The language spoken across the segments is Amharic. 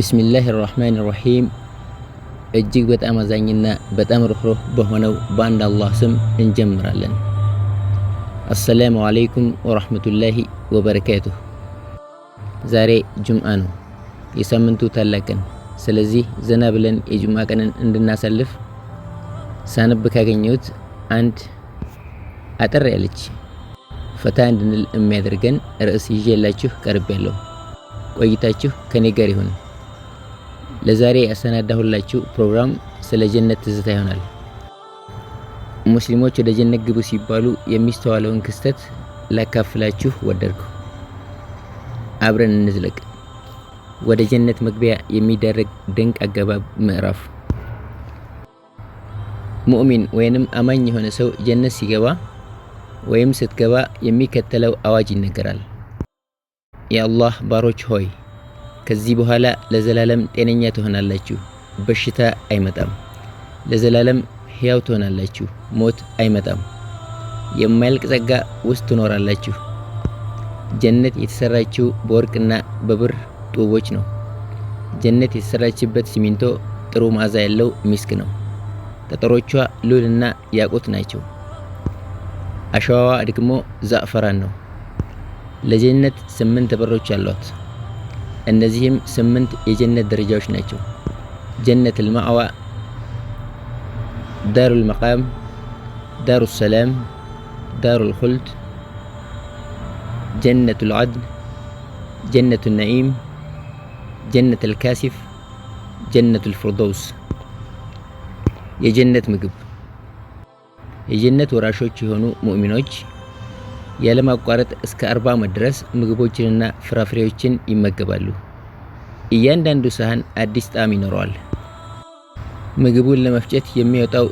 ቢስሚላህ ራህማን ራሂም እጅግ በጣም አዛኝና በጣም ሩህሩህ በሆነው በአንድ አላህ ስም እንጀምራለን። አሰላሙ አለይኩም ወራህመቱላሂ ወበረካቱሁ። ዛሬ ጁምአ ነው፣ የሳምንቱ ታላቅ ቀን። ስለዚህ ዘና ብለን የጁምአ ቀንን እንድናሳልፍ ሳንብ ካገኘሁት አንድ አጠር ያለች ፈታ እንድንል የሚያደርገን ርዕስ ይዤላችሁ ቀርቤያለሁ። ቆይታችሁ ከኔ ጋር ይሁን። ለዛሬ ያሰናዳሁላችሁ ፕሮግራም ስለ ጀነት ትዝታ ይሆናል። ሙስሊሞች ወደ ጀነት ግቡ ሲባሉ የሚስተዋለውን ክስተት ላካፍላችሁ ወደድኩ። አብረን እንዝለቅ። ወደ ጀነት መግቢያ የሚደረግ ድንቅ አገባብ ምዕራፍ። ሙእሚን ወይንም አማኝ የሆነ ሰው ጀነት ሲገባ ወይም ስትገባ የሚከተለው አዋጅ ይነገራል። የአላህ ባሮች ሆይ ከዚህ በኋላ ለዘላለም ጤነኛ ትሆናላችሁ፣ በሽታ አይመጣም። ለዘላለም ሕያው ትሆናላችሁ፣ ሞት አይመጣም። የማያልቅ ጸጋ ውስጥ ትኖራላችሁ። ጀነት የተሰራችው በወርቅና በብር ጡቦች ነው። ጀነት የተሰራችበት ሲሚንቶ ጥሩ መዓዛ ያለው ሚስክ ነው። ጠጠሮቿ ሉልና ያቁት ናቸው። አሸዋዋ ደግሞ ዛዕፈራን ነው። ለጀነት ስምንት በሮች አሏት። እነዚህም ስምንት የጀነት ደረጃዎች ናቸው። ጀነት ልማዕዋ፣ ዳሩ ልመቃም፣ ዳሩ ሰላም፣ ዳሩ ልኹልድ፣ ጀነቱ ልዓድን፣ ጀነቱ ነዒም፣ ጀነት ልካሲፍ፣ ጀነቱ ልፍርዶውስ። የጀነት ምግብ የጀነት ወራሾች የሆኑ ሙእሚኖች ያለማቋረጥ እስከ 40 ዓመት ድረስ ምግቦችንና ፍራፍሬዎችን ይመገባሉ። እያንዳንዱ ሳህን አዲስ ጣዕም ይኖረዋል። ምግቡን ለመፍጨት የሚወጣው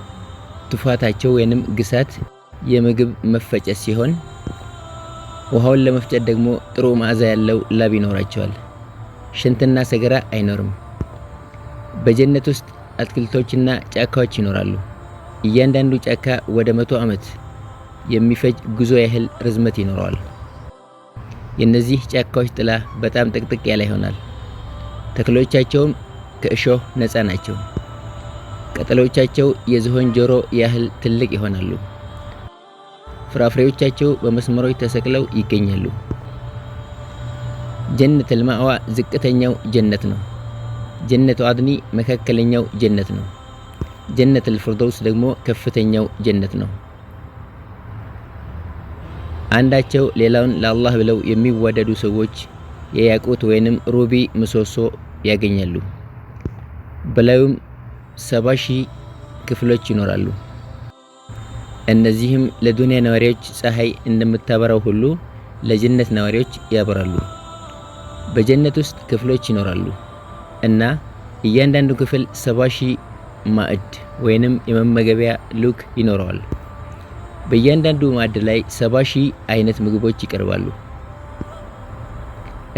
ትፋታቸው ወይንም ግሳት የምግብ መፈጨት ሲሆን ውሃውን ለመፍጨት ደግሞ ጥሩ መዓዛ ያለው ላብ ይኖራቸዋል። ሽንትና ሰገራ አይኖርም። በጀነት ውስጥ አትክልቶችና ጫካዎች ይኖራሉ። እያንዳንዱ ጫካ ወደ መቶ ዓመት የሚፈጅ ጉዞ ያህል ርዝመት ይኖረዋል። የእነዚህ ጫካዎች ጥላ በጣም ጥቅጥቅ ያለ ይሆናል። ተክሎቻቸውም ከእሾህ ነፃ ናቸው። ቅጠሎቻቸው የዝሆን ጆሮ ያህል ትልቅ ይሆናሉ። ፍራፍሬዎቻቸው በመስመሮች ተሰቅለው ይገኛሉ። ጀነት ልማዕዋ ዝቅተኛው ጀነት ነው። ጀነት አድኒ መካከለኛው ጀነት ነው። ጀነት ልፍርዶስ ደግሞ ከፍተኛው ጀነት ነው። አንዳቸው ሌላውን ለአላህ ብለው የሚዋደዱ ሰዎች የያቁት ወይንም ሩቢ ምሰሶ ያገኛሉ። በላዩም ሰባ ሺህ ክፍሎች ይኖራሉ። እነዚህም ለዱንያ ነዋሪዎች ፀሐይ እንደምታበራው ሁሉ ለጀነት ነዋሪዎች ያበራሉ። በጀነት ውስጥ ክፍሎች ይኖራሉ እና እያንዳንዱ ክፍል ሰባ ሺህ ማዕድ ወይንም የመመገቢያ ሉክ ይኖረዋል። በእያንዳንዱ ማዕድ ላይ ሰባ ሺህ አይነት ምግቦች ይቀርባሉ።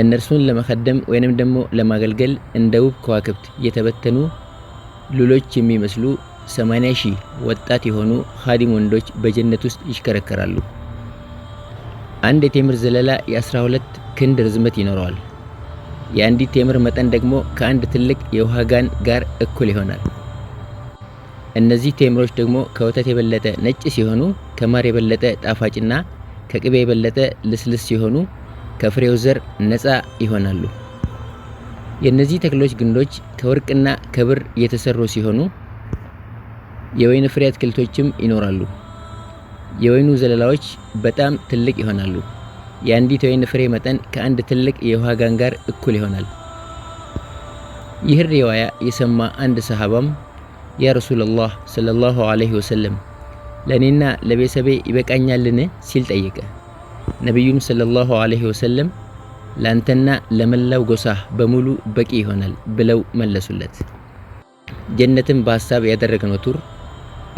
እነርሱን ለመከደም ወይንም ደግሞ ለማገልገል እንደ ውብ ከዋክብት የተበተኑ ሉሎች የሚመስሉ 80 ሺህ ወጣት የሆኑ ሀዲም ወንዶች በጀነት ውስጥ ይሽከረከራሉ። አንድ የቴምር ዘለላ የ12 ክንድ ርዝመት ይኖረዋል። የአንዲት ቴምር መጠን ደግሞ ከአንድ ትልቅ የውሃ ጋን ጋር እኩል ይሆናል። እነዚህ ቴምሮች ደግሞ ከወተት የበለጠ ነጭ ሲሆኑ ከማር የበለጠ ጣፋጭና ከቅቤ የበለጠ ልስልስ ሲሆኑ ከፍሬው ዘር ነፃ ይሆናሉ። የእነዚህ ተክሎች ግንዶች ከወርቅና ከብር የተሰሩ ሲሆኑ የወይን ፍሬ አትክልቶችም ይኖራሉ። የወይኑ ዘለላዎች በጣም ትልቅ ይሆናሉ። የአንዲት ወይን ፍሬ መጠን ከአንድ ትልቅ የውሃ ጋን ጋር እኩል ይሆናል። ይህ ሪዋያ የሰማ አንድ ሰሃባም ያ ረሱላላህ ሰለላሁ አለይህ ወሰለም ለእኔና ለቤተሰቤ ይበቃኛልን ሲል ጠየቀ። ነቢዩም ሰለላሁ አለይህ ወሰለም ላንተና ለመላው ጎሳህ በሙሉ በቂ ይሆናል ብለው መለሱለት። ጀነትን በሐሳብ ያደረግነው ቱር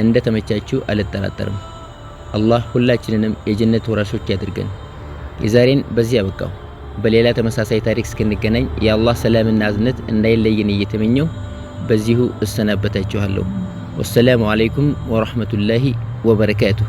እንደ ተመቻችሁ አልጠራጠርም። አላህ ሁላችንንም የጀነት ወራሾች ያድርገን። የዛሬን በዚህ አበቃው። በሌላ ተመሳሳይ ታሪክ እስክንገናኝ የአላህ ሰላምና አዝነት እንዳይለየን እየተመኘው በዚሁ እሰናበታችኋለሁ። ወሰላሙ አለይኩም ወረህመቱላሂ ወበረካቱሁ።